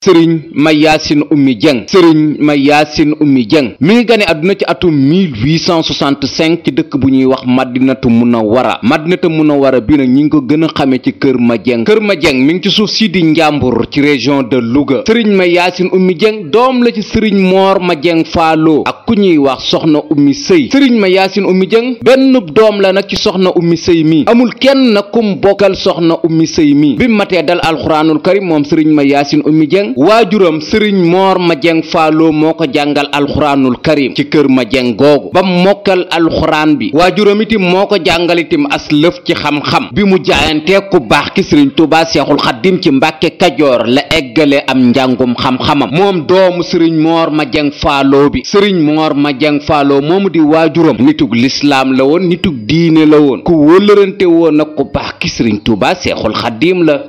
sëriñ Mayasine Oumy Dieng sëriñ Mayasine Oumy Dieng mi ngi gane àdduna ci atum 1865 ci dëkk bu ñuy wax Madinatu Munawwara Madinatu Munawwara bi nag ñi ngi ko gën a xamee ci Kër ma Madieng Kër Madieng mi ngi ci suuf si di Njàmbur ci région de Louga sëriñ Mayasine ummi Dieng doom la ci sëriñ Moor Madieng Faaloo ak ku ñuy wax soxna Oumy Sëy sëriñ Mayasine ummi Dieng benn doom la nag ci soxna Oumy Sëy mi amul kenn nag kum bokkal soxna Oumy Sëy mi bi matee dal alxuraanul karim moom sëriñ Mayasine Oumy Majeng waajuram sëriñ Moor Majeng Faaloo moo ko jàngal alxuraanul karim ci kër Majeng googu ba mokkal alxuraan bi waajuram itam moo ko jàngal itam as lëf ci xam-xam bi mu jaayantee ku baax ki sëriñ Tuubaa Seexul Xaddim ci Mbàkke Kajoor la eggale am njàngum xam-xamam moom doomu sëriñ Moor Majeng Faaloo bi sëriñ Moor Majeng Faaloo moom di waajuram nitug lislaam la woon nitug diine la woon ku wëllërante woon nag ku baax ki sëriñ Tuubaa Seexul Xaddim la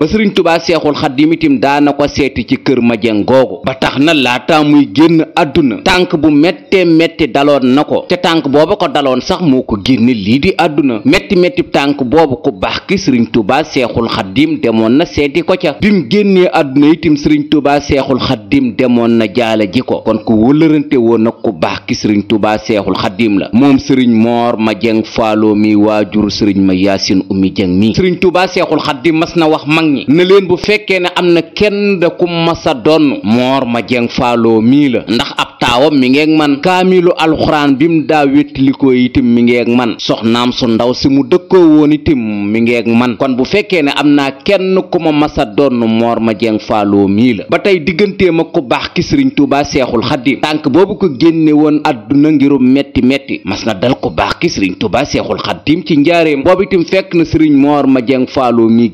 ba sëriñ kër Madieng googu ba tax na laata muy génn àdduna tànk bu méttee métti daloon na ko te tànk booba ko daloon sax moo ko génne lii di àdduna métti métti tànk boobu ku baax ki sëriñ Tuubaa Seexul Xaddiim demoon na seeti ko ca bim génnee àdduna itim sëriñ Tuubaa Seexul Xaddiim demoon na jaale ji ko kon ku woon nag ku baax ki sëriñ Tuubaa Seexul Xaddiim la moom sëriñ Moor Madieng Faalo mi waajur sëriñ ma Yaasin Umi Jeng mi sëriñ Tuubaa Seexul Xaddiim mas na wax mag ñi na leen bu fekkee ne am na kenn da mas sa donn moor ma jeng faaloo mii la ndax ab taawam mi ngeeg man kaamilu alxuraan bi mu daa wéttilikoo itim mi ngeeg man soxnaam su ndaw si mu dëkkoo woon itim mi ngeeg man kon bu fekkee ne am naa kenn ku ma masa donn moor ma jeng faaloo mii la ba tey digganteem ak ku baax ki sëriñ tuubaa seexul xaddim tànk boobu ko génne woon adduna ngirum metti metti mas na dal ku baax ki sëriñ tuubaa seexul xaddim ci njaareem boobu itim fekk na sëriñ moor ma jeng faaloo mii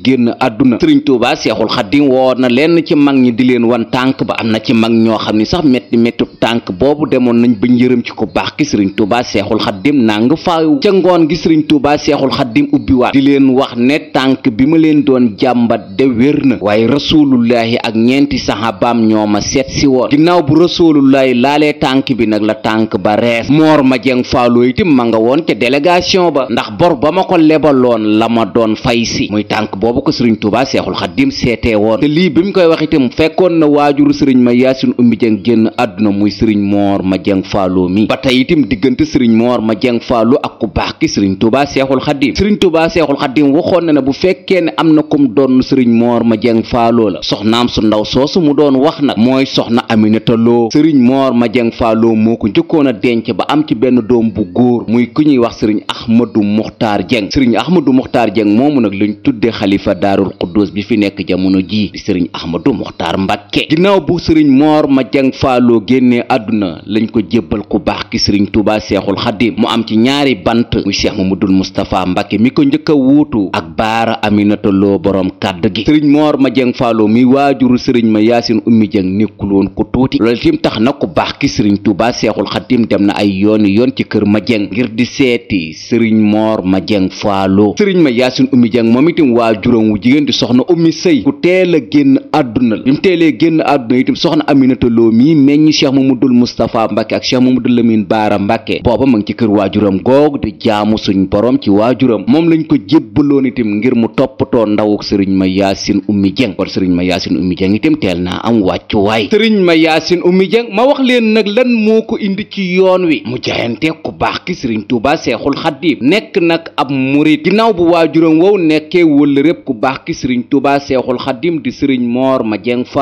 leen wan tànk ba am na ci mag ñoo xam ni sax metti metti tànk demoon nañ bañ yërëm ci ku baax ki sëriñ Tuubaa Seexul Xaddim nàng faaw ca ngoon gi sëriñ Tuubaa Seexul Xaddim ubbiwaat di leen wax ne tànk bi ma leen doon jàmbat de wér na waaye rasulullahi ak ñeenti saxaabaam ñoo ma seet si woon ginnaaw bu rasulullahi laalee tànk bi nag la tànk ba rees moor ma jeng faaloo itam ma nga woon ca délégation ba ndax bor ba ma ko lebaloon la ma doon fay si muy tànk boobu ko sëriñ Tuubaa Seexul Xaddim seetee woon te lii bi mu koy wax fekk fekkoon na waajuru sëriñ ma yaasin ummi jeng génn àdduna muy sëriñ moor ma jeng faaloo mi ba tey itam diggante sëriñ moor ma jeng faaloo ak ku sëriñ tubaa seexul xaddim sëriñ tubaa seexul xaddim waxoon na ne bu fekkee ne am na kum doon sëriñ moor ma jeng faaloo la soxnaam su ndaw soosu mu doon wax nag mooy soxna aminata loo sëriñ moor ma jeng faaloo moo ko njëkkoon a denc ba am ci benn doom bu góor muy ku ñuy wax sëriñ ahmadu muxtaar jeng sëriñ ahmadu muxtaar jeng moomu nag lañ tudde xalifa daarul quddus bi fi nekk jamono ji di sëriñ ahmadu muxtaar mba Mbàkke ginnaaw bu sëriñ Mor Madiang Fallou génnee àdduna lañ ko jébbal ku baax ki sëriñ Touba Seexul Xadim mu am ci ñaari bant muy Cheikh Mamadou Moustapha Mbàkke mi ko njëkk a wuutu ak Baara Aminata Lo boroom kàdd gi sëriñ Mor Madiang Fallou mi waajuru sëriñ ma Yaasin Ummi Jeng nekkul ko tuuti loolu tax na ku baax ki sëriñ Touba Seexul Xadim dem na ay yooni yoon ci kër Madiang ngir di seeti sëriñ Mor Madiang Fallou sëriñ ma Yaasin Ummi Jeng moom itam waajuram wu jigéen di soxna Ummi Sëy ku teel génn àdduna la loolee génn àdduna itam soxna Aminata Lo mii meññ Cheikh Mamadou Moustapha Mbacke ak Cheikh Mamadou Lamine Baara Mbacke booba ma ngi ci kër waajuram goog di jaamu suñ borom ci waajuram moom lañ ko jébbaloon itam ngir mu toppatoo ndawu sëriñ ma Yaasin Oumy Dieng kon sëriñ ma Yaasin Oumy Dieng itam teel naa am wàccuwaay sëriñ ma Yaasin Oumy Dieng ma wax leen nag lan moo ko indi ci yoon wi mu jaayante ku baax ki sëriñ Touba Seexul Xadiim nekk nag ab murit ginnaaw bu waajuram wow nekkee wëllëreeb ku baax ki sëriñ Touba Seexul Xadiim di sëriñ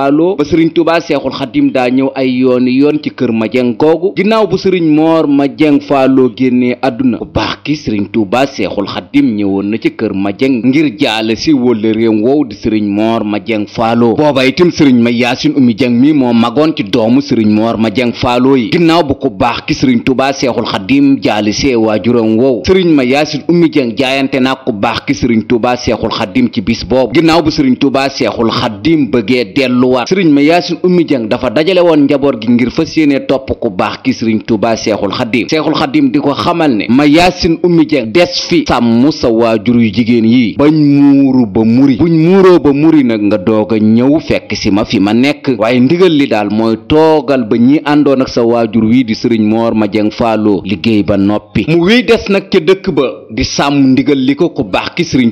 waalo ba sëriñ tubaa seexul xadim daa ñëw ay yooni yoon ci kër Madieng googu ginnaaw bu sëriñ moor Madieng Fallou génnee àdduna bu baax ki sëriñ tubaa seexul xadim ñëwoon na ci kër Madieng ngir jaale si wólla réew wow di sëriñ moor Madieng Fallou booba itam sëriñ ma yaasin umi jeng mi moo magoon ci doomu sëriñ moor Madieng Fallou yi ginnaaw bu ko baax ki sëriñ tubaa seexul xadim jaale see waajuram wow sëriñ ma yaasin umi jeng jaayante naa ku baax ki sëriñ tubaa seexul xadim ci bis boobu ginnaaw bu sëriñ tubaa seexul xadim bëggee dellu war sëriñ ma yaasin ummi jëng dafa dajale woon njaboot gi ngir fas yéene topp ku baax ki sëriñ tuuba seexul xaddiim seexul xaddiim di ko xamal ne ma yaasin ummi jëng des fi sàmm sa waajur yu jigéen yi bañ muuru ba muri buñ muuroo ba muri nag nga doog a ñëw fekk si ma fi ma nekk waaye ndigal li daal mooy toogal ba ñi àndoon ak sa waajur wii di sëriñ moor ma jëng faaloo liggéey ba noppi mu wéy des nag dëkk ba di sàmm ndigal li ko ku baax ki sëriñ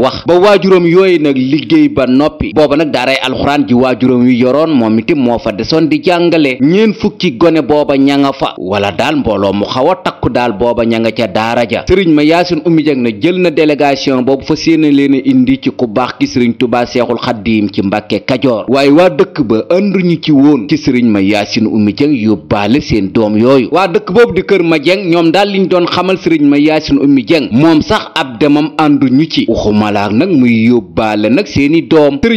wax ba waajuram yooyu nag liggéey ba noppi booba nag daaray alxuraan ji waajuram wi yoroon moom itam moo fa desoon di jàngale ñeen fukki gone booba ña nga fa wala daal mbooloo mu xaw a takku daal booba ña nga ca daara ja sëriñ ma yaasin umi jag na jël na délégation boobu fa séena leen a indi ci ku baax ki sëriñ tubaa seexul xaddiim ci mbàkke kajoor waaye waa dëkk ba ñu ci woon ci sëriñ ma yaasin umi jëng yóbbaale seen doom yooyu waa dëkk boobu di kër ma jeng ñoom daal liñ doon xamal sëriñ ma yaasin umi jëng moom sax ab demam ànduñu ci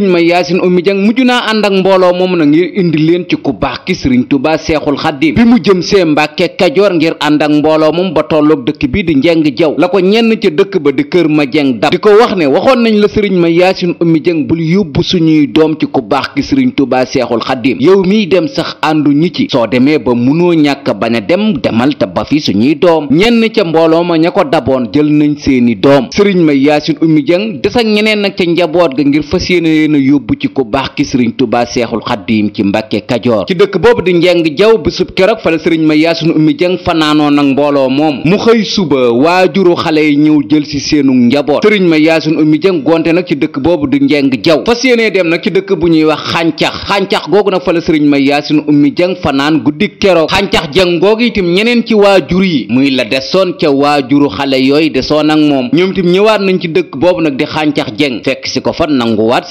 ma yaasin jang mujj naa ànd ak mbooloo moom na ngir indi leen ci ku baax ki sëriñ tubaa seexul xaddim bi mu jëm see mbàkke kajoor ngir ànd ak mbooloo moom ba tolloog dëkk bi di njeng jaw la ko ñenn ca dëkk ba di kër ma jeng dab di ko wax ne waxoon nañ la sëriñ ma yaasin ummi jëng bul yóbbu suñuy doom ci ku baax ki sëriñ tubaa seexul xaddim yow mii dem sax àndu ñi ci soo demee ba munoo ñàkk bañ a dem demal te ba fi suñuy doom ñenn ca mbooloo ma ña ko daboon jël nañ seeni doom sëriñ ma yaasin ummi jëng des ñeneen nag ca njaboot ga ngir fas yéene leen yóbbu ci ku baax ki sëriñ tubaa seexul xaddiim ci mbàkke kajoor ci dëkk boobu di njeng jaw bisub keroog fa la sëriñ ma yaasun ummi jëng fanaanoo nag mbooloo moom mu xëy suba waajuru xale yi ñëw jël si seenu njaboot sëriñ ma yaasun ummi jëng gonte nag ci dëkk boobu di njeng jaw fas yéenee dem nag ci dëkk bu ñuy wax xàncax xàncax googu nag fa la sëriñ ma yaasun ummi jëng fanaan guddi keroog xàncax jëng googu itam ñeneen ci waajur yi muy la desoon ca waajuru xale yooyu desoon nag moom ñoom itam ñëwaat nañ ci dëkk boobu nag di xàncax jëng fekk si ko fa nanguwaat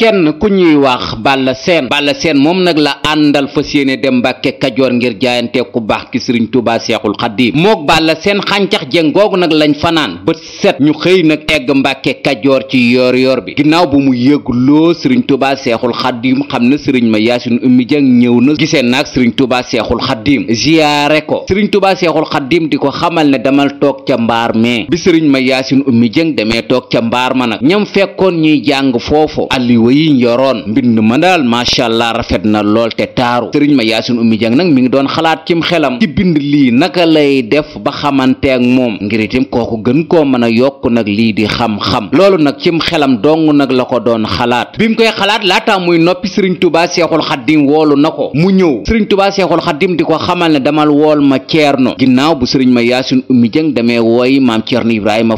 kenn ku ñuy wax Balla Sène Balla seen moom nag la àndal fa yéene dem Mbàkke Kajoor ngir jaayante ku baax ki Sëriñ Tuubaa Seexul Xadiim mook Balla seen xàncax jéng googu nag lañ fanaan bët set ñu xëy nag egg Mbàkke Kajoor ci yoor yoor bi ginnaaw bu mu yëgloo Sëriñ Tuubaa Seexul Xadiim xam na Sëriñ ma Yaasin Ummi Jeng ñëw na gisee nag Sëriñ Tuubaa Seexul Xadiim ziyaare ko Sëriñ Tuubaa Seexul Xadiim di ko xamal ne damal toog ca mbaar mee bi Sëriñ ma Yaasin Ummi toog ca mbaar ma nag jikko yi yoroon mbind ma daal macha allah rafet na lool te taaru sëriñ ma yaasin ummi jang nag mi ngi doon xalaat cim xelam ci bind lii naka lay def ba xamante ak moom ngir itam kooku gën koo mën a yokk nag lii di xam-xam loolu nag cim xelam dong nag la ko doon xalaat bi koy xalaat laataa muy noppi sëriñ tubaa seexul xaddim woolu na ko mu ñëw sëriñ tubaa seexul xaddim di ko xamal ne damal wool ma ceerno ginnaaw bu sëriñ ma yaasin ummi jang damee wooy maam ceerno ibrahima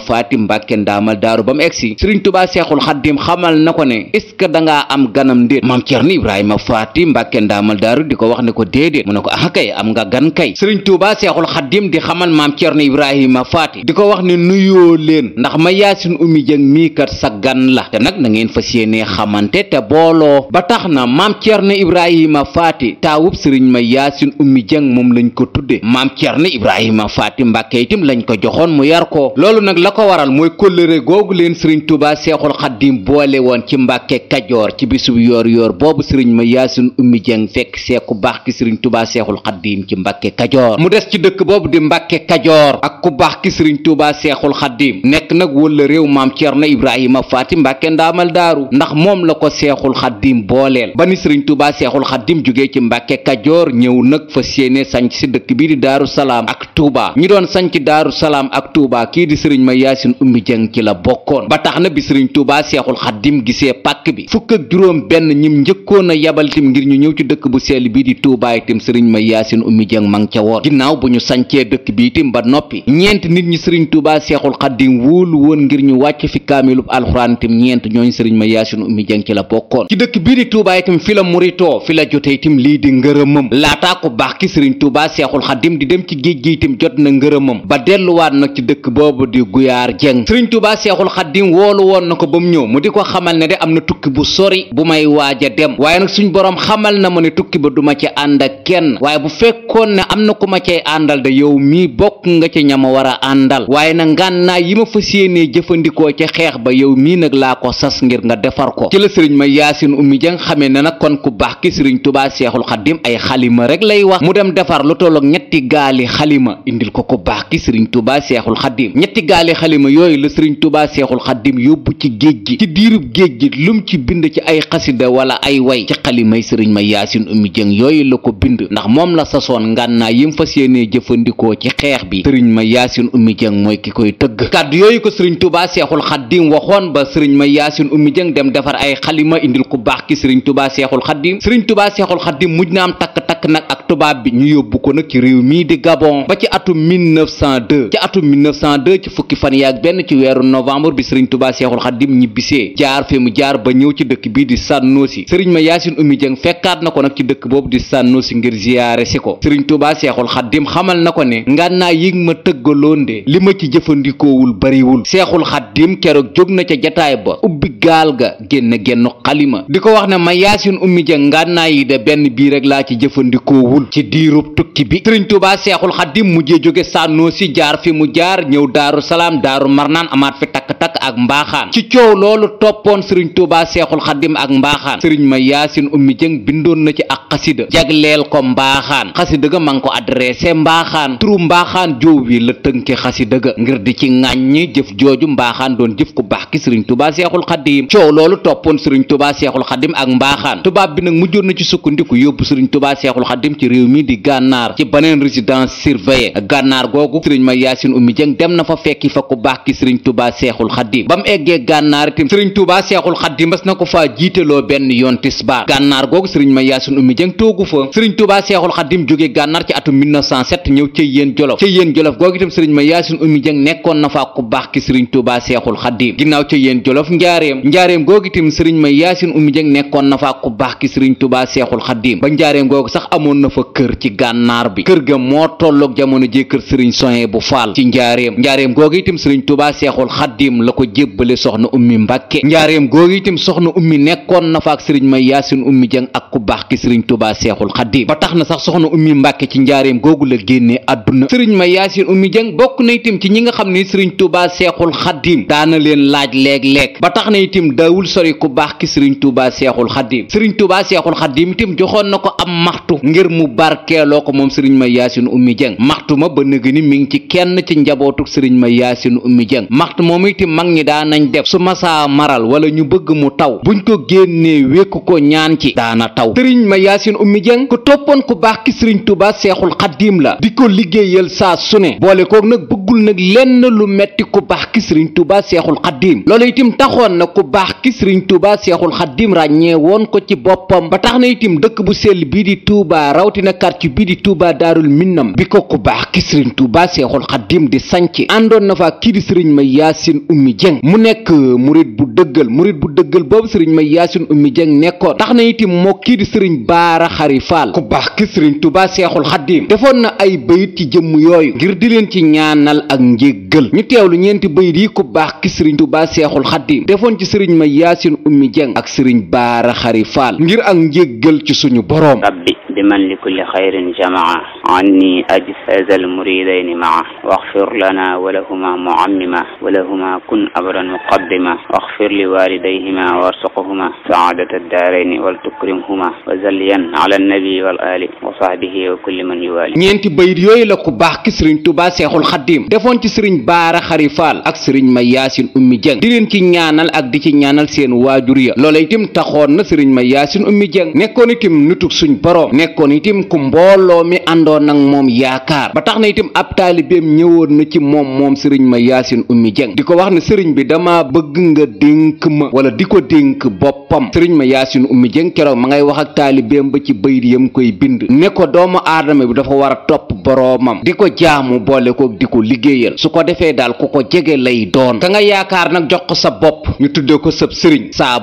que dangaa am ganam ndéet maam Cerno Ibrahima Faati Mbàkke ndaamal daaru di ko wax ne ko déedéet mu ne ko ah kay am nga gan kay sëriñ Tuubaa Seexul Xaddim di xamal maam Cerno Ibrahima Faati di ko wax ne nuyoo leen ndax ma yaasin umi jëng mii kat sa gan la te nag na ngeen fas yéenee xamante te boolo ba tax na maam Cerno Ibrahima Faati taawub sëriñ ma yaasin ummi jëng moom lañ ko tudde maam Cerno Ibrahima Faati Mbàkke itam lañ ko joxoon mu yar ko la ko waral mooy kóllëre googu leen sëriñ Tuubaa Seexul Xaddim kajoor ci bisub yoor yoor boobu sëriñ ma yaasin ummi jeng fekk seeku baax ki sëriñ tubaa seexul xaddiim ci mbàkke kajoor mu di mbàkke kajoor ak ku baax ki sëriñ tubaa seexul xaddiim nekk nag wala réew maam ceerno ibrahima faati mbàkke ndaamal daaru ndax moom la ko seexul xaddiim booleel ba ni sëriñ tubaa seexul xaddiim jógee ci mbàkke kajoor ñëw nag fa séenee sanc si dëkk bii di daaru salaam ak tuubaa ñi doon sanc daaru ak tuubaa kii di sëriñ ma yaasin ummi jeng ci la bokkoon ba tax na bi sëriñ tubaa seexul xaddiim gisee dëkk bi fukk ak juróom benn ñim njëkkoon a yabal tim ngir ñu ñëw ci dëkk bu sell bii di Touba itam sëriñ ma yaasin ummi jëng mang ca woon ginnaaw bu ñu sancee dëkk bi itam ba noppi ñeent nit ñi sëriñ Touba seexul xaddim wóolu woon ngir ñu wàcc fi kaamilub alxuraan itam ñeent ñooñu sëriñ ma yaasin ummi jëng ci la bokkoon ci dëkk bii di Touba itam fi la muritoo fi la jote itam lii di ngërëmam laata ku baax ki sëriñ Touba seexul xaddim di dem ci géej gi itam jot na ngërëmam ba delluwaat nag ci dëkk boobu di guyaar jëng sëriñ Touba seexul xaddim woolu woon na ko ba mu ñëw mu di ko xamal ne de am na tukki tukki bu sori bu may waaj a dem waaye nag suñ boroom xamal na ma ne tukki ba duma ci ànd ak kenn waaye bu fekkoon ne am na ku ma cay àndal da yow mii bokk nga ci ñama war a àndal waaye na ngànnaay yi ma fa yéenee jëfandikoo ca xeex ba yow mii nag laa ko sas ngir nga defar ko ci la sëriñ ma yaasin ummi jang xamee ne nag kon ku baax ki sëriñ tubaa seexul xaddim ay xalima rek lay wax mu dem defar lu tollook ñetti gaali xalima indil ko ku baax ki sëriñ tubaa seexul xaddim ñetti gaali xalima yooyu la sëriñ tubaa seexul xaddim yóbbu ci bind ci ay xasida wala ay way ci xalimay sëriñ ma yaasin umi jëng yooyu la ko bind ndax moom la sasoon ngànnaa yim fas jëfandikoo ci xeex bi sëriñ ma yaasin umi jëng mooy ki koy tëgg kàddu yooyu ko sëriñ tubaa seexul xaddim waxoon ba sëriñ ma yaasin umi jëng dem defar ay xalima indil ku baax ki sëriñ tubaa seexul xaddim sëriñ tubaa seexul xaddim mujj na am takk nekk nag ak tubaab bi ñu yóbbu ko nag ci réew mii di Gabon ba ci atum 1902 ci atum 1902 ci fukki fan yaak benn ci weeru novembre bi sëriñ Tuubaa Seexul Xaddim ñibbisee jaar fi mu jaar ba ñëw ci dëkk bii di Sànnoosi sëriñ ma Yaasin Umi Jeng fekkaat na ko nag ci dëkk boobu di Sànnoosi ngir ziyaare si ko sëriñ Tuubaa Seexul Xaddim xamal na ko ne ngànnaay yi ma tëggaloon de li ma ci jëfandikoowul bariwul Seexul Xaddim keroog jóg na ca jataay ba gaal ga génne genn xalima di ko wax ne ma yaasin ummi ja ngànnaay yi de benn bii rek laa ci jëfandikoowul ci diirub tukki bi sëriñ tubaa seexul xadim mujjee jóge sànnoo si jaar fi mu jaar ñëw daaru salaam daaru marnaan amaat fi takk-takk ak mbaaxaan ci coow loolu toppoon sëriñ tubaa seexul xadim ak mbaaxaan sëriñ ma yaasin ummi jëng bindoon na ci ak xasida jagleel ko mbaaxaan xasida ga ma ngi ko adressé mbaaxaan turu mbaaxaan joow wi la tënke xasida ga ngir di ci ŋàññi jëf jooju mbaaxaan jëf ku xadim coow loolu toppoon sëriñ tubaa seexul xadim ak mbaaxaan tubaab bi nag mujjoon na ci sukkandiku yóbbu sëriñ tubaa seexul xadim ci réew mi di gànnaar ci baneen résidence surveillée gànnaar googu sëriñ ma yaasin ummi dem na fa fekki fa ku baax ki sëriñ tubaa seexul xadim ba mu eggee gànnaar itam sëriñ tubaa seexul xadim mas na ko faa jiiteloo benn yoon tisbaar gànnaar googu sëriñ ma yaasin ummi jëng toogu fa sëriñ tubaa seexul xadim jóge gànnaar ci atum 1907 ñëw ci yéen jolof ci yéen jolof googu itam sëriñ ma yaasin ummi jëng nekkoon na faa ku ki sëriñ tubaa seexul xadim ginnaaw ci jolof njaareem njaareem googu itam sëriñ may yaasin ummi jëng nekkoon na fa ku baax ki sëriñ tubaa seexul xaddiim ba njaareem googu sax amoon na fa kër ci gànnaar bi kër ga moo tolloog jamono ji kër sëriñ soye bu faal ci njaareem njaareem googu itam sëriñ tubaa seexul xaddiim la ko jébbale soxna ummi mbàkke njaareem googu itam soxna ummi nekkoon na fa ak sëriñ may yaasin ummi jëng ak ku baax ki sëriñ tubaa seexul xaddiim ba tax na sax soxna ummi mbàkke ci njaareem googu la génnee àdduna sëriñ may yaasin ummi jëng bokk na itam ci ñi nga xam ni sëriñ tubaa seexul xaddiim daana leen laaj léeg-léeg ba tax na itim daawul sori ku baax ki sëriñ tuubaa seexul xaddiim sëriñ tuubaa seexul xaddiim itim joxoon na ko am maxtu ngir mu barkeeloo ko moom sëriñ ma yaasin ummi jëng ba nëg ni mi ngi ci kenn ci njabootuk sëriñ ma yaasin ummi jëng maxtu moom itim mag ñi daa nañ def su masaa maral wala ñu bëgg mu taw buñ ko génnee wékk ko ñaan ci daana taw sëriñ ma yaasin ummi jëng ku ku baax ki sëriñ tuubaa seexul xaddiim la di ko liggéeyal saa su ne boole koog nag bëggul nag lenn lu metti ku baax ki sëriñ tuubaa seexul xaddiim loolu itim taxoon na ku ku baax ki sëriñ Touba Seexul Xaddim ràññee woon ko ci boppam ba tax na itim dëkk bu sell bii di Touba rawtina quartier bii di Touba Daarul Minnam bi ko ku baax ki sëriñ Touba Seexul Xaddim di sanc àndoon na fa kii di sëriñ May Yaasin Ummi Jeng mu nekk murit bu dëggal murit bu dëggal boobu sëriñ May Yaasin Ummi Jeng nekkoon tax na itim moo kii di sëriñ Baara Xari Faal ku baax ki sëriñ Touba Seexul Xaddim defoon na ay bayit ci jëmm yooyu ngir di leen ci ñaanal ak njéggal ñu sëriñ ma yaasin ummi jeng ak sëriñ baara xari faal ngir ak njéggal ci suñu boroom rabbi بمن لكل خير جمع عني أجهز المريدين معه واغفر لنا ولهما معمما ولهما كن أبرا مقدما واغفر لوالديهما وارزقهما سعادة الدارين ولتكرمهما وزليا على النبي والآل وصحبه وكل من يوالي ñeenti bayit yooyu la ku baax ki sëriñ Tuubaa Seexul Xaddiim defoon ci sëriñ Baara Xari Faal ak sëriñ ma Yaasin Ummi Jëng di leen ci ñaanal ak di ci ñaanal seen waajur ya loola itam taxoon na sëriñ ma Yaasin Ummi Jëng nekkoon itam nutug suñ boroom nekkoon itam ku mbooloo mi àndoon ak moom yaakaar ba tax na itam ab taalibeem ñëwoon na ci moom moom sëriñ ma yaasin ummi jëng di ko wax na sëriñ bi dama bëgg nga dénk ma wala di ko dénk boppam sëriñ ma yaasin ummi jëng keroog ma ngay wax ak taalibeem ba ci bayit yam koy bind ne ko doomu aadama bi dafa war a topp boroomam di ko jaamu boole kook di ko liggéeyal su ko defee daal ku ko jege lay doon ka nga yaakaar nag jox ko sa bopp ñu tuddee ko sëb sëriñ saa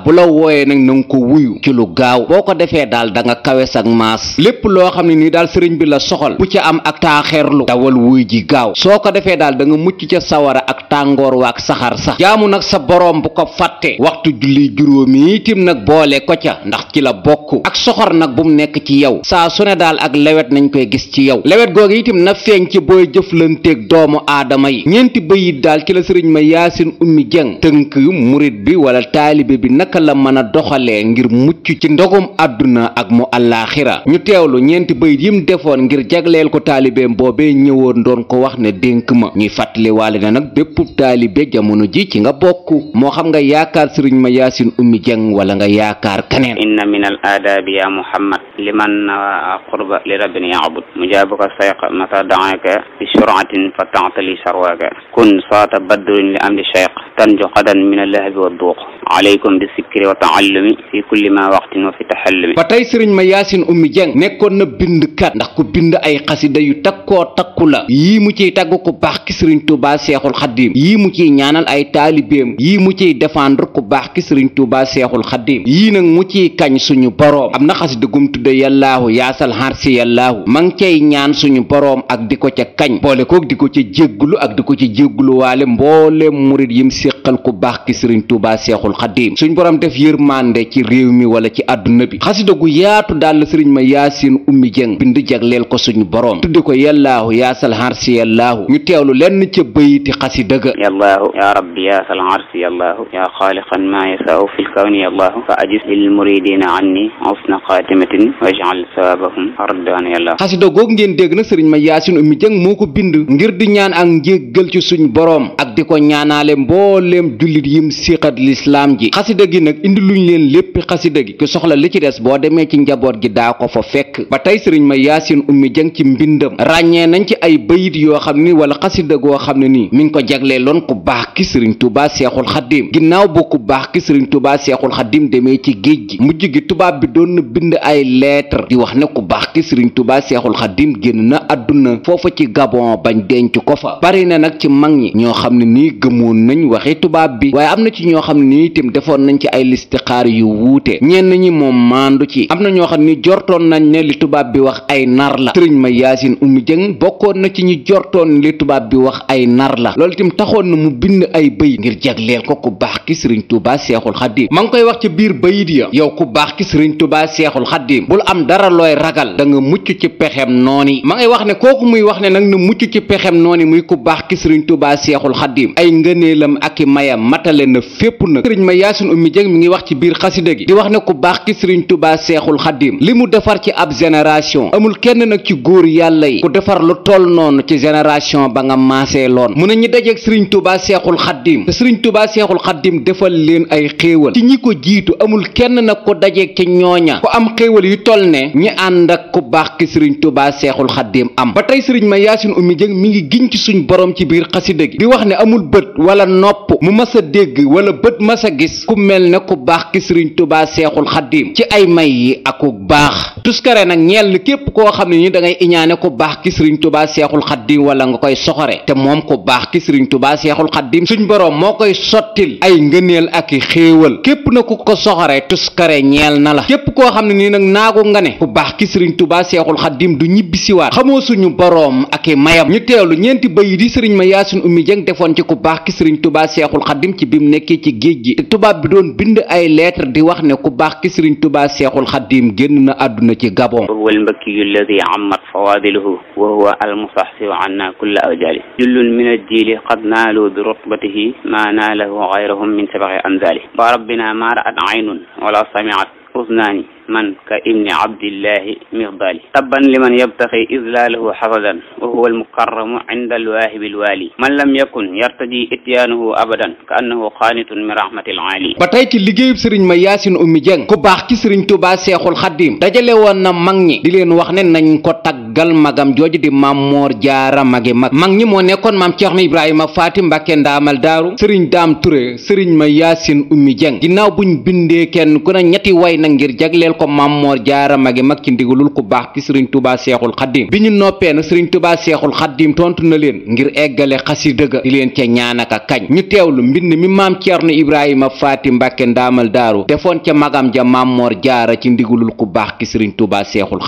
lépp loo xam ne nii daal sëriñ bi la soxal bu ca am ak taaxeerlu dawal wuy ji gaaw soo ko defee daal da nga mucc ca sawara ak tàngoor wa ak saxaar sax jaamu nag sa boroom bu ko fàtte waxtu julli juróomi itim nag boole ko ca ndax ci la bokk ak soxor nag bu mu nekk ci yow saa su ne daal ak lawet nañ koy gis ci yow lawet googu itim na feeñ ci booy jëflanteeg doomu aadama yi ñeenti bayit daal ci la sëriñ ma yaasin ummi jeng tënk murit bi wala taalibe bi naka la mën a doxalee ngir mucc ci ndogum àdduna ak mu àllaaxira ñu teewlu ñeenti bayit yim defoon ngir jagleel ko taalibeem boobee ñëwoon doon ko wax ne dénk ma ñuy fàttaliwaale na nag bépp taalibe jamono ji ci nga bokk moo xam nga yaakaar sëriñ ma yaasin ummi jeng wala nga yaakaar keneen inna min al aadaabi ya muhammad liman nawa qurba li rabbin yaabud mujaabuka sayqa mata daaka bi suratin fa taatali sarwaaka kun saata baddurin li amri shayq tanju qadan min allahabi wa duuq aleykum bi sikkiri wa taallumi fi kulli ma waqtin wa fi taxallumi jeng nekkoon na bindkat ndax ku bind ay xasida yu takkoo takku la yii mu ciy tagg ku baax ki sëriñ tuuba seexul xaddiim yii mu ciy ñaanal ay taalibeem yii mu ciy défendre ku baax ki sëriñ tuuba seexul xaddiim yii nag mu ciy kañ suñu boroom am na xasida gum tudde yàllaahu yaasal xarsi yàllaahu ma ngi cay ñaan suñu boroom ak di ko ca kañ boole koog di ko ca jégglu ak di ko ca jéggluwaale mboole murit yim séqal ku baax ki sëriñ tuuba seexul xaddiim suñ boroom def yërmande ci réew mi wala ci àdduna bi xasida gu yaatu daal la sëriñ ma yaasin ummi jëng bind jagleel ko suñu boroom tudde ko yallaahu yaasal xarsi yallaahu ñu teewlu lenn ca bëyti xasida ga yallaahu ya rabbi yaasal xarsi yallaahu ya xaaliqan maa yasaau fi lkawni yallaahu fa ajis lil muridina anni usna xaatimatin wajal sawabahum ardan yallaahu xasida googu ngeen dégg nag ma yaasin ummi jëng moo ko bind ngir di ñaan ak njéggal ci suñu boroom ak di ko ñaanaale mbooleem jullit yim siqat lislaam ji xasida gi nag indi luñ leen léppi xasida gi ku fekk ba tey sëriñ ma yaasin ummi jëng ci mbindam ràññee nañ ci ay bayit yoo xam ni wala xasida goo xam ne nii mi ngi ko jaglee loon ku baax ki sëriñ tubaa seexul xaddim ginnaaw boo ku baax ki sëriñ tubaa seexul xaddim demee ci géej gi mujj gi tubaab bi doon na bind ay lettre di wax ne ku baax ki sëriñ tubaa seexul xaddim génn na àdduna foofa ci gabon bañ denc ko fa bari na nag ci mag ñi ñoo xam ne nii gëmoon nañ waxi tubaab bi waaye am na ci ñoo xam ne nii tim defoon nañ ci ay listixaar yu wuute ñenn ñi moom maandu ci am na ñoo xam ni jortoon nañ ne li tubaab bi wax ay nar la sëriñ ma yaasin umu jëng bokkoon na ci ñi jortoon li tubaab bi wax ay nar la loolu itam taxoon na mu bind ay bëy ngir jagleel ko ku baax ki sëriñ Tuubaa Seexul Xadiim ma ngi koy wax ci biir bayit ya yow ku baax ki sëriñ Tuubaa Seexul Xadiim bul am dara looy ragal da nga mucc ci pexem nooni ma ngay wax ne kooku muy wax ne nag na mucc ci pexem nooni muy ku baax sëriñ Tuubaa Seexul Xadiim ay ngëneelam ak i mayam matale na fépp nag sëriñ ma yaasin umu ngi wax ci biir xasida gi di wax ne ku baax ki sëriñ Tuubaa Seexul Xadiim li mu defar ci ab génération amul kenn nag ci góor yàlla yi ku defar lu toll noonu ci génération ba nga maasee loon mu ne ñi dajeeg sëriñ tubaa seexul xaddim te sëriñ tubaa seexul xaddim defal leen ay xéewal ci ñi ko jiitu amul kenn nag ko dajeeg ci ñooña ko am xéewal yu toll ne ñi ànd ak ku baax ki sëriñ tubaa seexul xaddim am ba tey sëriñ ma yaasin ummi jëng mi ngi giñ ci suñ borom ci biir xasida gi di wax ne amul bët wala nopp mu mas dégg wala bët mas gis ku mel ne ku baax ki sëriñ tubaa seexul xaddim ci ay may yi ak tuskare nag ñeel na képp koo xam ne ni da ngay iñaane ku baax ki sëriñ tubaa seexul xaddim wala nga koy soxore te moom ku baax ki sëriñ tubaa seexul xaddim suñ boroom moo koy sottil ay ngëneel ak i xéewal képp na ku ko soxore tuskare ñeel na la képp koo xam ne nii nag naagu nga ne ku baax ki sëriñ tubaa seexul xaddim du ñibbisiwaat xamoo suñu boroom ak i mayam ñu teewlu ñeenti di sëriñ ma yaasin ummi jëng defoon ci ku baax ki sëriñ tubaa seexul xaddim ci bi mu nekkee ci géej gi te tubaab bi doon bind ay lettre di wax ne ku baax ki sëriñ tubaa seexul xaddim génn na àdduna na ci Gabon wal mbakkiyu alladi ammat fawadiluhu wa huwa almusaxsiu anna kulla awjali jullun min aljili qad naalu bi rutbatihi ma naalahu gayrahum min sabaxi amzali wa rabbina ma raat aynun wala samiat xusnaani man ka ibni abdillahi mixdaali tabban liman yabtaxi islaalahu xafadan wa huwa almuqarramu inda alwaahibi alwaali man lam yakun yartaji ityaanuhu abadan ka annahu xaanitun min rahmatil aali ba tey ci liggéeyub sëriñ ma yaasin ummi jëng ku baax ki sëriñ tubaa seexul xaddiim dajale woon na mag ñi di leen wax ne nañ ko tagg màggal magam jooju di maam moor jaara magi mag mag ñi moo nekkoon maam Ceerno Ibrahima Faati Mbàkke ndaamal daaru sëriñ daam Ture sëriñ ma yaasin ummi jeng ginnaaw buñ bindee kenn ku ne ñetti way na ngir jagleel ko maam moor jaara magi mag ci ndigalul ku baax ki sëriñ tubaa seexul xaddim bi ñu noppee na sëriñ tubaa seexul xaddim tontu na leen ngir eggale xasida ga di leen ca ñaanaka kañ ñu lu mbind mi maam Ceerno Ibrahima Faati mbakke ndaamal daaru defoon ca magam ja maam moor jaara ci ndigalul ku baax ki sëriñ tubaa seexul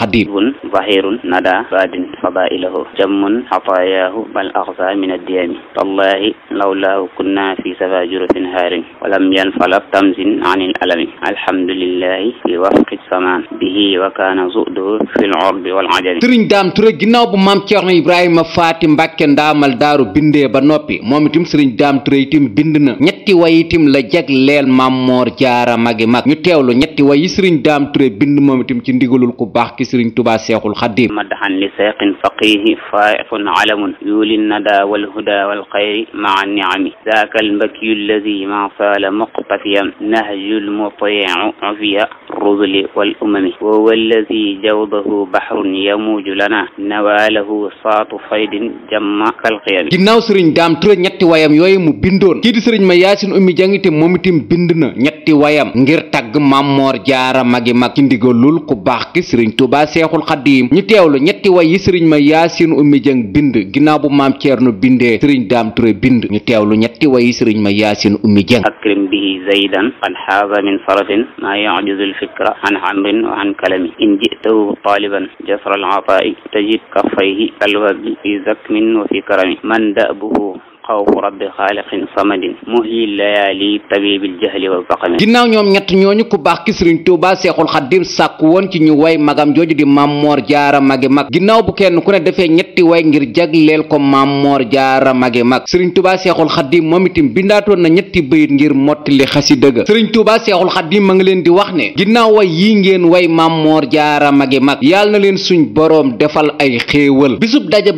faadin fadailahu jammun atayaahu bal axsa min addiyami tallahi lawlaahu kunna fi safa jurufin haarin walam yanfalab tamsin an il alami alhamdulillahi fi wafqi samaan bihi wa kaana zuduhu fi l orbi wal ajami sëriñ daam ture ginnaaw bu maam ceerno ibrahima faati mbàkke ndaamal daaru bindee ba noppi moom itam sëriñ daam ture itam bind na ñetti way itam la jagleel mammoor jaara magi mag ñu teewlu ñetti way yi sëriñ daam ture bind moom itam ci ndigalul ku baax ki sëriñ tubaa seexul xaddiim an lisayqin faqihi faa'ifun alamun yuuli nada walhuda walxayri maa niami zaaka almbakiyu alladi ma saala muqtafiyam nahju lmutiicu ufiya rusuli wal umami wahuwa alladi jawdahu bahrun yamuuju lana nawaalahu saatu faydin jamma kalqiyami ginnaaw sëriñ daam tura ñetti wayam yooyu mu bindoon kii di sëriñ ma yaasin ummi jangite moom itam bind na ñetti wayam ngir tagg Maam Moor Jaara magi mag ci ndigalul ku baax ki sëriñ Tuubaa Seexul Xadiim ñu teewlu ñetti way yi sëriñ ma yaasin ummi jëng bind ginnaaw bu maam ceerno bindee sëriñ daam ture bind ñu teewlu ñetti way yi sëriñ ma yaasin ummi jëng akrim bihi zaydan qad xaaza min salatin maa yajuzu lfikra an amrin wa an kalami in jitahu taaliban jasra al ataai tajid kafayhi kalwadi fi zakmin wa fi karami man dabuhu xawfu rabbi xaaliqin samadin muhyi layaali tabibil jahli wal faqami ginnaaw ñoom ñett ñooñu ku baax ki sëriñ Tuubaa Seexul Xadiim sàkk woon ci ñu way magam jooju di Maam Moor Jaara magi mag ginnaaw bu kenn ku ne defee ñetti way ngir jagleel ko Maam Moor Jaara magi mag sëriñ Tuubaa Seexul Xadiim moom itam bindaatoon na ñetti bayit ngir mottali xasida ga sëriñ Tuubaa Seexul Xadiim ma ngi leen di wax ne ginnaaw way yii ngeen way Maam Moor Jaara magi mag yàlla na leen suñ boroom defal ay xéewal bisub daje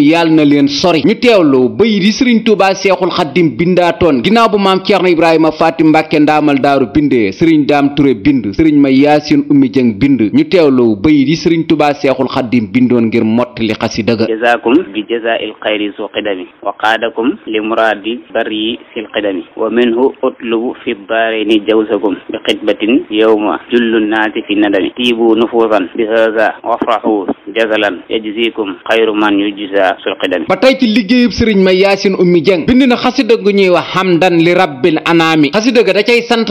xaddim yàlla na leen sori ñu teewlu bayit yi sëriñ tuubaa seexul xaddim bindaatoon ginnaaw bu maam ceerno ibrahima faati mbàkke ndaamal daaru bindee sëriñ daam ture bind sëriñ ma yaasin ummi jëng bind ñu teewlu bayit yi sëriñ tuubaa seexul xaddim bindoon ngir mottali xasida ga jazaakum bi jazaa'il xayri su xidami wa qaadakum li muraadi bari sil xidami wa minhu utlubu fi daarayni jawsakum bi xidmatin yowma jullu naati fi nadami tiibu nufuusan bi haza wafraxu jazalan yajzikum xayru man yujza sul qidami ba tey ci liggéeyub sëriñ ma yaasin ummi jëng bind na xasida gu ñuy wax xamdan li rabbil anaami xasida ga da cay sant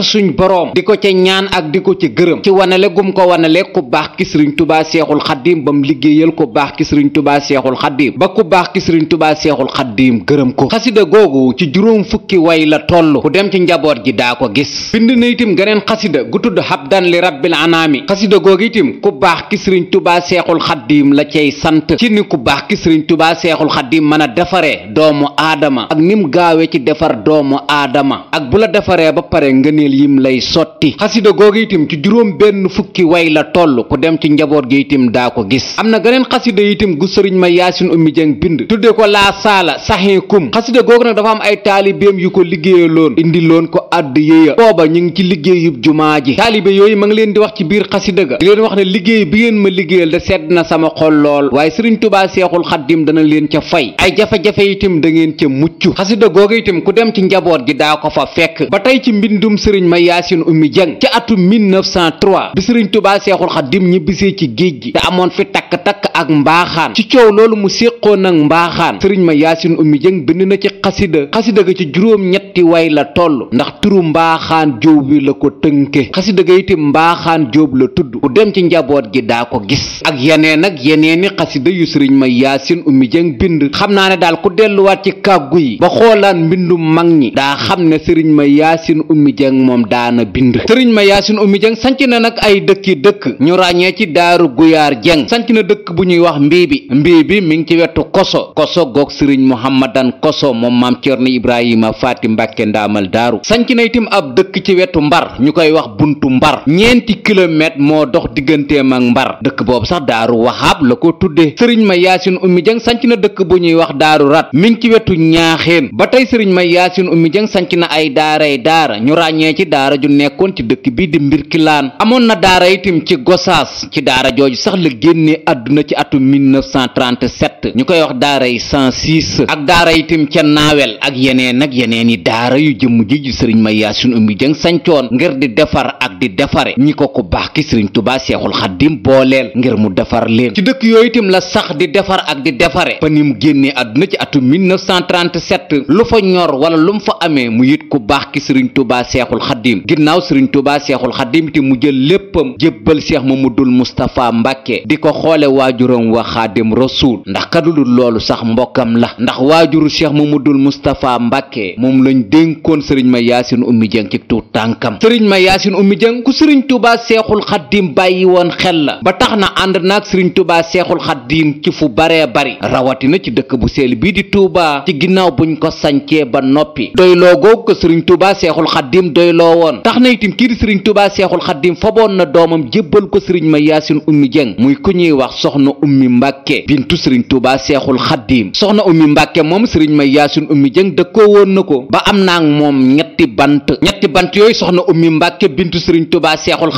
di ko ca ñaan ak di ko ci gërëm ci wanale gum ko wanale ku baax ki sëriñ tubaa seexul xaddiim bam liggéeyal ku baax ki sëriñ tubaa seexul xaddiim ba ku baax ki sëriñ tubaa seexul xaddiim gërëm ko xasida googu ci juróom fukki way la toll ku dem ci njaboot gi daa ko gis bind na itim geneen xasida gu tudd xabdan li rabbil anaami xasida googu itim ku baax ki sëriñ tubaa seexul xaddiim la cay sant ci ni ku baax ki sëriñ tubaa la seexul xaddim mën a defaree doomu aadama ak nim gaawee ci defar doomu aadama ak bu la defaree ba pare ngëneel yim lay sotti xasida googu itam ci juróom benn fukki way la toll ku dem ci njaboot gi itam daa ko gis am na geneen xasida itam gu sëriñ ma yaasin ummi jëng bind tudde ko laa saala saxin kum xasida googu nag dafa am ay taalibeem yu ko liggéeye loon indi loon ko àdd yéya booba ñu ngi ci liggéeyub jumaa ji taalibe yooyu ma ngi leen di wax ci biir xasida ga di leen wax ne bi ngeen ma liggéeyal da sedd na sama xol dana leen ca fay ay jafe-jafe itam da ca mucc xasida googu itam ku dem ci njaboot gi daa ko fa fekk ba tey ci mbindum sëriñ ma yaasin ummi jëng ci atum 1903 bi sëriñ tubaa seexul xadim ñibbisee ci géej gi te amoon fi takk-takk ak mbaaxaan ci coow loolu mu séqoon ak mbaaxaan sëriñ ma yaasin ummi jëng bind na ci xasida xasida ga ci juróom-ñetti way la toll ndax turu mbaaxaan jóob wi la ko tënke xasida ga itam mbaaxaan jóob la tudd ku dem ci njaboot gi daa jëng bind xam naa ne daal ku delluwaat ci kàggu yi ba xoolaan mbindum mag ñi daa xam ne sëriñ ma yaasin ummi jëng moom daana bind sëriñ ma yaasin ummi jëng sanc na nag ay dëkki dëkk ñu ràññee ci daaru guyaar jëng sanc na dëkk bu ñuy wax mbii bi mbii bi mi ngi ci wetu koso koso goog sëriñ muhammadan koso moom maam cerno ibrahima faati mbàkke ndaamal daaru sanc na itam ab dëkk ci wetu mbar ñu koy wax buntu mbar ñeenti kilomètre moo dox digganteem ak mbar dëkk boobu sax sanc na dëkk bu ñuy wax daaru rat mi ngi ci wetu ñaaxeen ba tey sëriñ may yaasin ummi jëng sanc na ay daaray daara ñu ràññee ci daara ju nekkoon ci dëkk bii di mbir kilaan amoon na daara itim ci gosaas ci daara jooju sax la génnee àdduna ci atum 1937 ñu koy wax daaray 106 ak daara itim ca naaweel ak yeneen ak yeneen i daara yu jëmm ji ji sëriñ may yaasin ummi jëng sancoon ngir di defar ak di defare ñi ko ko baax ki sëriñ tubaa seexul xaddim booleel ngir mu defar pare fa ni mu génnee àdduna ci atum 1937 lu fa ñor wala lu mu fa amee mu yit ku baax ki sëriñ tubaa seexul xaddiim ginnaaw sëriñ tubaa seexul xaddiim te mu jël léppam jébbal seex mu mamadul mustapha mbàkke di ko xoole waajuram wa xaadim rasuul ndax kadulul loolu sax mbokkam la ndax waajuru seex mamadul mustapha mbàkke moom lañ dénkoon sëriñ ma yaasin ummi jëng ci tuut tànkam sëriñ ma yaasin ummi jëng ku sëriñ tubaa seexul xaddiim bàyyi woon xel la ba tax na tubaa seexul xaddiim rawatina ci dëkk bu seel bii di Touba ci ginnaaw buñ ko sancee ba noppi doyloo googu ko sëriñ Touba seexul xaddim doyloo woon tax na itam kii di sëriñ Touba seexul xaddim foboon na doomam jébbal ko sëriñ ma yaasin ummi jëng muy ku ñuy wax soxna ummi mbàkke bintu sëriñ Touba seexul xaddim soxna ummi mbàkke moom sëriñ ma yaasin ummi jëng dëkkoo woon na ko ba am naa moom ñetti bant ñetti bant yooyu soxna ummi mbàkke bintu sëriñ Touba seexul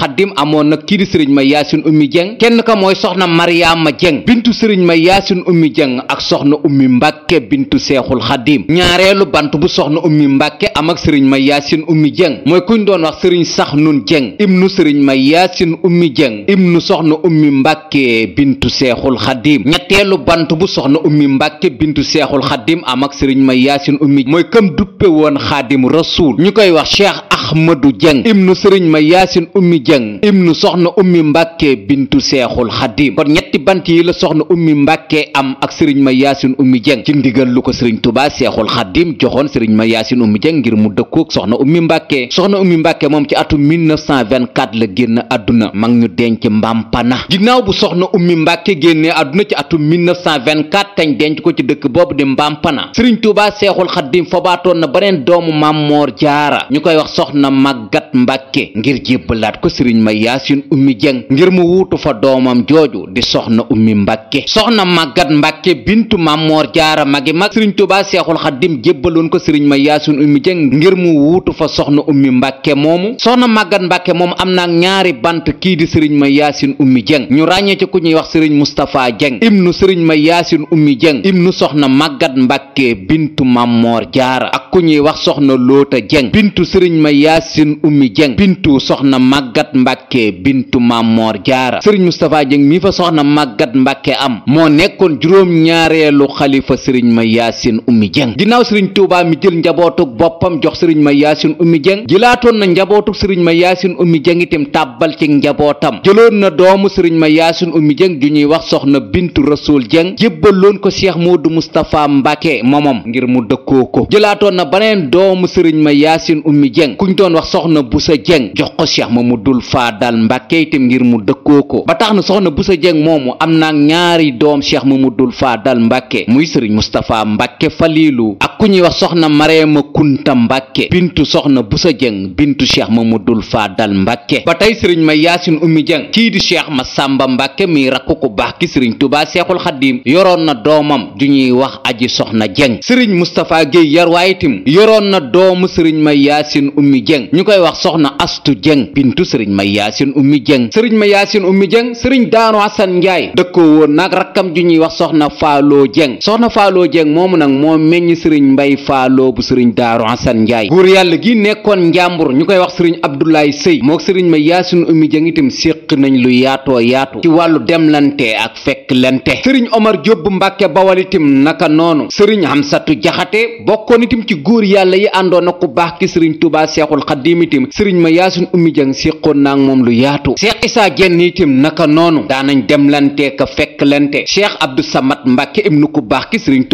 na kii di sëriñ ma yaasin ummi jëng kenn ka mooy soxna mariama jëng bintu sëriñ ma yaasin ummi jëng ak soxna ummi mbàkke bintu seexul xadim ñaareelu bant bu soxna ummi mbàkke am ak sëriñ ma yaasin ummi jëng mooy doon wax sëriñ sax nun jëng ibnu sëriñ ma yaasin ummi jëng ibnu soxna ummi mbàkke bintu seexul xadim ñetteelu bant bu soxna ummi mbàkke bintu seexul xadim am ak sëriñ ma yaasin ummi mooy këm duppe woon xaadim rasuul ñu koy wax cheikh ahmadu jëng ibnu sëriñ ma yaasin ummi jëng ibnu soxna ummi mbàkke bintu seexul xadim kon ñetti bant yi la soxna ummi mbàkke am ak ak sëriñ ma yaasin ummi jeng ci ndigal lu ko sëriñ tubaa seexul xaddim joxoon sëriñ ma yaasin ummi jeng ngir mu dëkkook soxna ummi mbàkke soxna ummi mbàkke moom ci atum 1924 la génn àdduna mag ñu denc mbampana ginnaaw bu soxna ummi mbàkke génnee àdduna ci atum 1924 kañ denc ci dëkk boobu di mbampana sëriñ tubaa seexul xaddim fabaatoon na beneen doomu mammoor jaara ñu koy wax soxna màggat mbàkke ngir laat ko sëriñ ma yaasin ummi jeng ngir mu wuutu fa doomam jooju di soxna ummi mbàkke soxna màggat mbàkke mbàkke bintu mammoor jaara magi mag sëriñ tubaa seexul xaddim jébbaloon ko sëriñ ma yaasun ummi jëng ngir mu wuutu fa soxna ummi mbàkke moomu soxna màggat mbàkke moom am na ñaari bant kii di sëriñ ma yaasin ummi jëng ñu ràññee ci ku ñuy wax sëriñ mustapha jëng ibnu sëriñ ma yaasin ummi jëng ibnu soxna màggat mbàkke bintu mammoor jaara ak ku ñuy wax soxna loota jëng bintu sëriñ ma yaasin ummi jëng bintu soxna màggat mbàkke bintu mammoor jaara sëriñ mustapha jëng mii fa soxna màggat mbàkke am moo nekkoon juróom juróom-ñaareelu xalifa sëriñ ma yaasin ummi jëng ginnaaw sëriñ tuubaa mi jël njabootug boppam jox sëriñ ma yaasin ummi jëng jëlaatoon na njabootug sëriñ ma yaasin ummi jëng itam tàbbal ci njabootam jëloon na doomu sëriñ ma yaasin ummi jëng ju ñuy wax soxna bintu rasul jëng jébbaloon ko cheikh moodu mustapha mbake momom ngir mu dëkkoo ko jëlaatoon na baneen doomu sëriñ ma yaasin ummi jëng kuñ doon wax soxna busa jëng jox ko cheikh mamadul faadal mbake itam ngir mu dëkkoo ko ba tax na soxna busa jëng moomu am naa ñaari doom cheikh mamadul Faadal Mbàkke muy Sëriñ Mustapha Mbàkke Faliilu ku ñuy wax soxna mareema kunta mbàkke bintu soxna busa jëng bintu cheikh mamadul faadal mbàkke ba tey sëriñ ma yaasin ummi jëng kii di cheikh ma sàmba mbàkke miy rakku ko baax ki sëriñ tubaa seexul xaddiim yoroon na doomam ju ñuy wax aji soxna jëng sëriñ mustapha géey yar waaye tim yoroon na doomu sëriñ ma yaasin ummi jëng ñu koy wax soxna astu jëng bintu sëriñ ma yaasin ummi jëng sëriñ ma yaasin ummi jëng sëriñ daanu asan njaay dëkkoo woon nag rakkam ju ñuy wax soxna faaloo jëng soxna faaloo jëng moomu nag moo meññ sëriñ mbay faaloo bu sëriñ daaru asan njaay buur yàlla gi nekkoon njàmbur ñu koy wax sëriñ abdoulaye sëy mook sëriñ ma yaasin umi jang itam séq nañ lu yaatoo yaatu ci wàllu demlante ak fekk lente sëriñ omar jóob bu mbàkke bawal itam naka noonu sëriñ xamsatu jaxate bokkoon itam ci góor yàlla yi àndoon na ku baax ki sëriñ tubaa seexul xaddiim itam sëriñ ma yaasin umi jang séqoon naag moom lu yaatu cheikh isaa jenn itam naka noonu daanañ demlante ka fekk lente cheikh abdou samat mbàkke ibnu ku baax ki sëriñ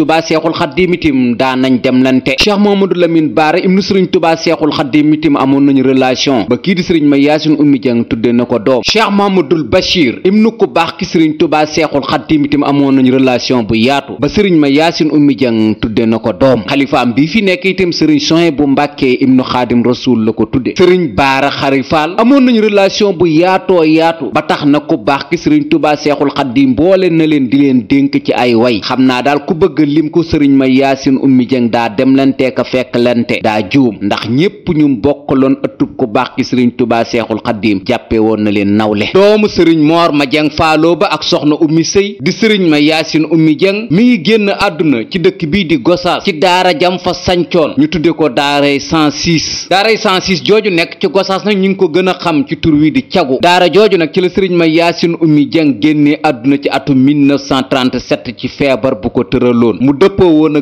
daan nañ demlante Cheikh Mamadou Lamine Bara ibnu Sëriñ Tuubaa Seexul Xadiim itam amoon nañu relation ba kii di sëriñ ma Yaasin Ummi Jang tudde na ko doom Cheikh Mamadul Bachir ibnu ku baax ki sëriñ Tuubaa Seexul Xadiim itam amoon nañu relation bu yaatu ba ma Yaasin Ummi Jang tudde na ko doom xalifaam bii fi nekk itam sëriñ Sohaybu bu Mbàkke ibnu Xaadim Rasuul la ko tudde sëriñ Baara Xari Faal amoon nañu relation bu yaatoo yaatu ba tax na ku baax ki sëriñ tubaa Seexul Xadiim boole na leen di leen dénk ci ay way xam naa daal ku bëgg lim ko sëriñ ma Yaasin Ummi jëng daa dem lante ka fekk lante daa juum ndax ñépp ñu loon ëttub ku baax ki sëriñ tubaa seexul xaddiim jàppe woon na leen nawle doomu sëriñ moor ma jëng faaloo ba ak soxna ummi sëy di sëriñ ma yaasin ummi jëng mi ngi génn àdduna ci dëkk bii di gosaas ci daara jam fa sancoon ñu tudde ko daara daaray 106 daaray 106 jooju nekk ci gosaas nag ñu ngi ko gën a xam ci tur wi di cagu daara jooju nag ci la sëriñ ma yaasin ummi jëng génnee àdduna ci atum 1937 ci feebar bu ko tëraloon mu dëppoo woon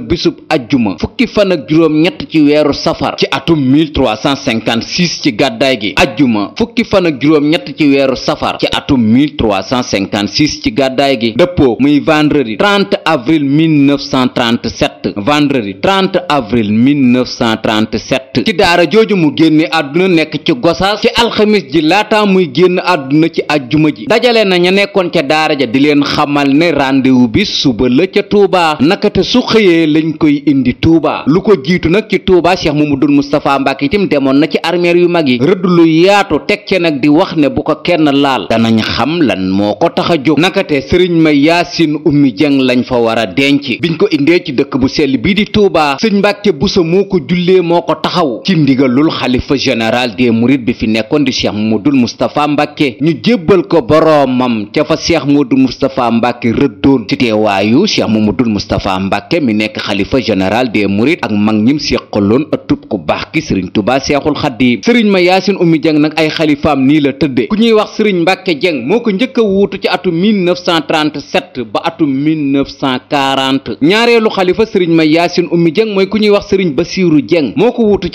ajjuma fukki fan ak juróom ñett ci weeru safar ci atum 1356 ci gàddaay gi ajjuma fukki fan ak juróom ñett ci weeru safar ci atum 1356 ci gàddaay gi dëppoo muy vendredi 30 avril 1937 vendredi 30 avril 1937 ci daara jooju mu génne àdduna nekk ci gosaas ci alxamis ji laata muy génn àdduna ci ajjuma ji dajale na ña nekkoon ca daara ja di leen xamal ne rendez-vous bi suba la ca Touba naka te su xëyee lañ koy indi Touba lu ko jiitu nag ci mu Cheikh Mamadou Moustapha Mbacke itam demoon na ci armeer yu mag yi rëdd lu yaatu teg ca nag di wax ne bu ko kenn laal danañ xam lan moo ko tax a jóg naka te sëriñ ma Yaasin Ummi Jeng lañ fa war a denc biñ ko indee ci dëkk bu sell bii di Touba sëñ Mbacke Bousso moo ko jullee moo ko taxaw faw ci ndigalul xalifa général des mourides bi fi nekkoon di cheikh modul mustapha mbàkke ñu jébbal ko boroomam ca fa cheikh modul mustapha mbàkke rëddoon ci teewaayu cheikh mamadul mustapha mbàkke mi nekk xalifa général des mourides ak mag ñim séqaloon ëttub ku baax ki sëriñ tubaa seexul xadiim sëriñ ma yaasin ummi jeng nag ay xalifaam nii la tëddee ku ñuy wax sëriñ mbàkke jeng moo ko njëkk a wuutu ci atum 1937 ba atum 1940 ñaareelu xalifa sëriñ ma yaasin ummi jeng mooy ku ñuy wax sëriñ basiiru jeng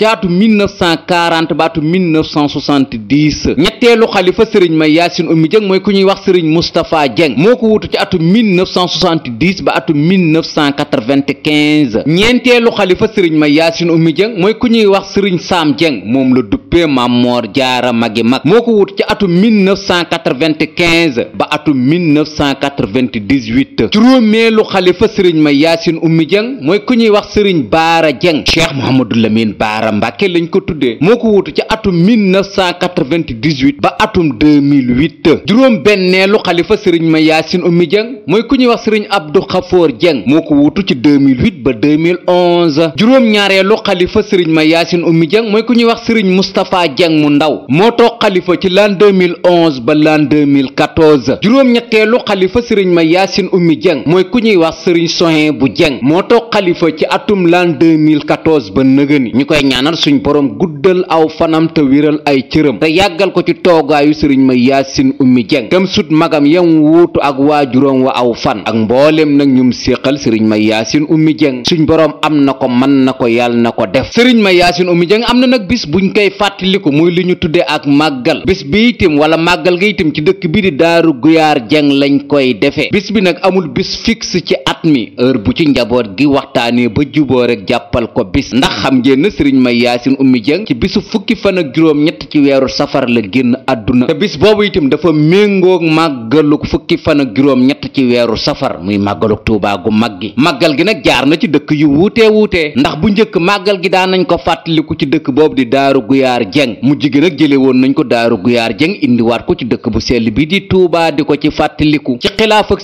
jaatu 1940 baatu 1970 ñetteelu xalifa sëriñ ma yaasin ummi jëng mooy ku ñuy wax sëriñ Moustapha Dieng moo ko wutu ci atu 1970 ba atu 1995 ñeenteelu xalifa sëriñ ma yaasin ummi jëng mooy ku ñuy wax sëriñ Sam Dieng moom la duppee Mamor Jaara magi mag moo ko wutu ci atu 1995 ba atu 1998 juróomeelu xalifa sëriñ ma yaasin ummi jëng mooy ku ñuy wax sëriñ Baara Dieng Cheikh Mouhamadou Lamine Baara Mbàkke lañ ko tuddee moo ko wutu ci atum 1998 ba atum 2008 juróom benneelu xalifa sëriñ ma yaasin ummi jëng mooy ku ñuy wax sëriñ Abdou Khafoor Jëng moo ko wutu ci 2008 ba 2011 juróom ñaareelu xalifa sëriñ ma yaasin ummi jëng mooy ku ñuy wax sëriñ Moustapha Jëng mu ndaw moo toog xalifa ci l'an 2011 ba l'an 2014 juróom ñetteelu xalifa sëriñ ma yaasin ummi jëng mooy ku ñuy wax sëriñ Sohen bu Jëng moo toog xalifa ci atum lan 2014 ba nëgëni ñu koy ñaanal suñ boroom guddal aw fanam te wéral ay cëram te yàggal ko ci toogaayu sëriñ ma yaasin ummi jeng tam sut magam yam wuutu ak waajuroom wa aw fan ak mboolem nag ñum séqal sëriñ may yaasin ummi jeng suñ boroom am na ko man na ko yàll na ko def sëriñ ma yaasin ummi jeng am na nag bis bu buñ koy fàttaliku muy li ñu tuddee ak màggal bis bi itim wala màggal ga itim ci dëkk bi di daaru guyaar jeng lañ koy defee bis bi nag amul bis fixe ci at mi bu ci njaboot gi waxtaanee ba juboo rek jàppal ko bis ndax xam ngeen na sëriñ may yaasin ummi jëng ci bisu fukki fan ak juróom ñett ci weeru safar la génn àdduna te bis boobu itam dafa méngoog màggaluk fukki fan ak juróom ñett ci weeru safar muy màggaluk tuubaa gu mag gi màggal gi nag jaar na ci dëkk yu wuutee wuutee ndax bu njëkk màggal gi daan nañ ko fàttaliku ci dëkk boobu di daaru guyaar jëng mu gi nag jële woon nañ ko daaru guyaar jëng indiwaat ko ci dëkk bu sell bi di tuubaa ko ci fàttaliku ci xilaaf ak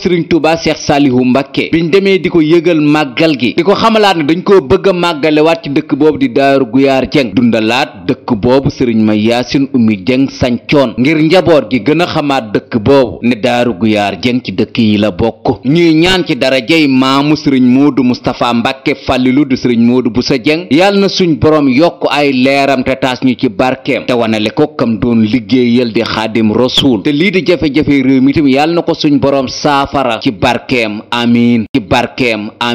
gi di ko xamalaat ne dañ koo bëgg a màggalewaat ci dëkk boobu di daaru guyaar jeng dundalaat dëkk boobu sëriñ ma yaasin umi jeng sancoon ngir njaboot gi gën a xamaat dëkk boobu ne daaru guyaar jeng ci dëkk yi la bokk ñuy ñaan ci darajey maamu sëriñ moodu mustapha mbakke fàllilu di sëriñ moodu bu sa jeng yàlla na suñ boroom yokk ay leeram taas ñu ci barkeem te wanale ko kam doon liggéeyal di xaadim rasuul te lii di jafe-jafe réew mi tam na ko suñ borom saafara ci barkeem